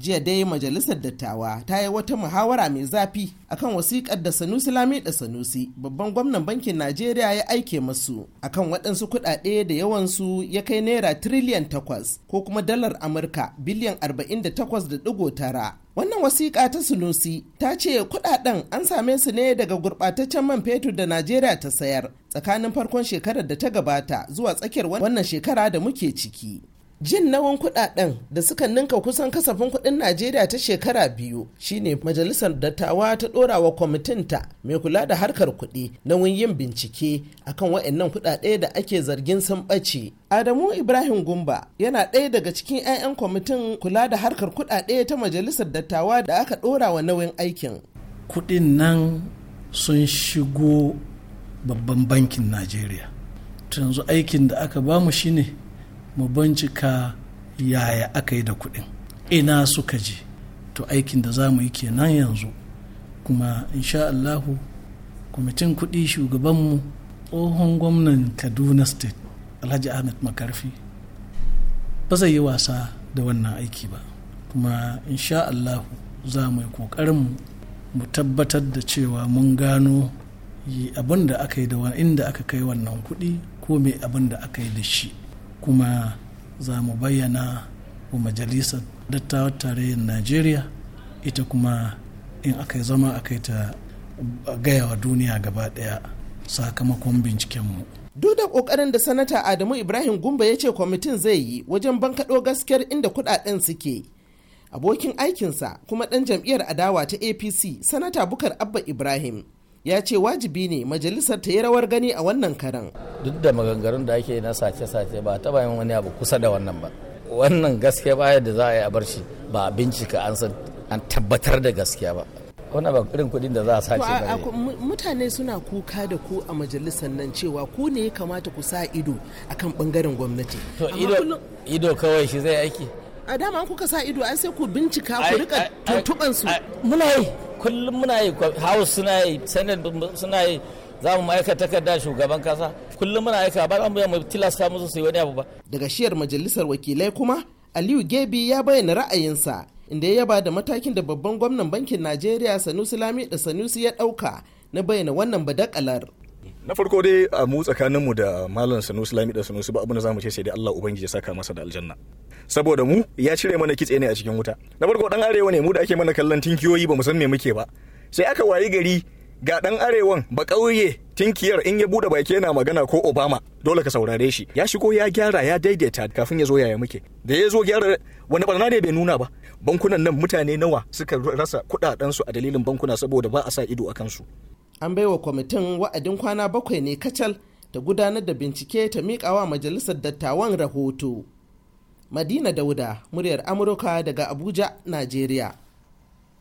jiya dai majalisar dattawa ta yi wata muhawara mai zafi akan wasiƙar da sanusi lami da sanusi babban gwamnan bankin najeriya ya aike masu akan waɗansu kuɗaɗe da yawansu ya kai naira tiriliyan takwas ko kuma dalar amurka biliyan arba'in da takwas da ɗigo tara wannan wasiƙa ta sunusi ta ce kuɗaɗen an same su ne daga gurɓataccen man fetur da najeriya ta sayar tsakanin farkon shekarar da ta gabata zuwa tsakiyar wannan shekara da muke ciki jin nawan kudaden da suka ninka kusan kasafin kudin najeriya ta shekara biyu shine majalisar dattawa ta dora wa ta mai kula da harkar kudi nauyin yin bincike akan wa'annan kudade da ake zargin sun ɓace adamu ibrahim gumba yana ɗaya daga cikin 'ya'yan kwamitin kula da harkar kudade ta majalisar dattawa da aka dora wa nauyin aikin kudin nan sun shigo babban bankin najeriya yanzu aikin da aka bamu shine mu bincika yaya aka yi da kuɗin ina suka je to aikin da za mu yi kenan yanzu kuma insha Allahu kwamitin kuɗi shugabanmu tsohon gwamnan kaduna state alhaji ahmed makarfi ba zai yi wasa da wannan aiki ba kuma insha Allahu za mu yi ƙoƙarin mu tabbatar da cewa mun gano abin da aka yi da inda aka kai wannan kuɗi ko mai abin da aka yi da shi kuma za mu bayyana wa majalisar dattawar tarayyar najeriya ita kuma in aka yi zama aka ta gaya wa duniya gaba daya sakamakon bincikenmu duk da kokarin da sanata adamu ibrahim gumba ya ce kwamitin zai yi wajen bankaɗo gaskiyar inda kudaden suke abokin aikinsa kuma ɗan jam'iyyar adawa ta apc sanata bukar abba ibrahim ya ce wajibi ne majalisar ta yi rawar gani a wannan karan duk da maganganun da ake na sace-sace ba taba yin wani abu kusa da wannan ba wannan gaskiya baya da za a yi a bar shi ba a bincika an san an tabbatar da gaskiya ba wannan ba irin kuɗin da za a sace ba mutane suna kuka da ku a majalisar nan cewa ku ne ya kamata ku sa ido akan bangaren gwamnati to ido kawai shi zai aiki a dama an kuka sa ido an sai ku bincika ku rika tuntuban su muna yi kullum muna yi house suna yi senet suna yi za mu aika takarda shugaban kasa kullum muna aika ba mu mu tilasta musu su yi wani abu ba daga shiyar majalisar wakilai kuma Aliyu Gebi ya bayyana ra'ayinsa inda ya ba da matakin da babban gwamnan bankin Najeriya Sanusi Lami da Sanusi ya ɗauka na bayyana wannan badakalar na farko dai a mu tsakanin mu da malam sanusi lami da sanusi ba abin da zamu ce sai dai Allah ubangiji ya saka masa da aljanna saboda mu ya cire mana kitse ne a cikin wuta na farko dan arewa ne mu da ake mana kallon tinkiyoyi ba mu san me muke ba sai aka wayi gari ga dan arewan ba kauye tinkiyar in ya bude baki yana magana ko obama dole ka saurare shi ya shigo ya gyara ya daidaita kafin ya zo yaya muke da ya zo gyara wani barna ne bai nuna ba bankunan nan mutane nawa suka rasa kudaden su a dalilin bankuna saboda ba a sa ido a kansu an baiwa kwamitin wa'adin kwana bakwai ne kacal ta gudanar da bincike ta miƙawa majalisar dattawan rahoto madina dauda muryar amurka daga abuja najeriya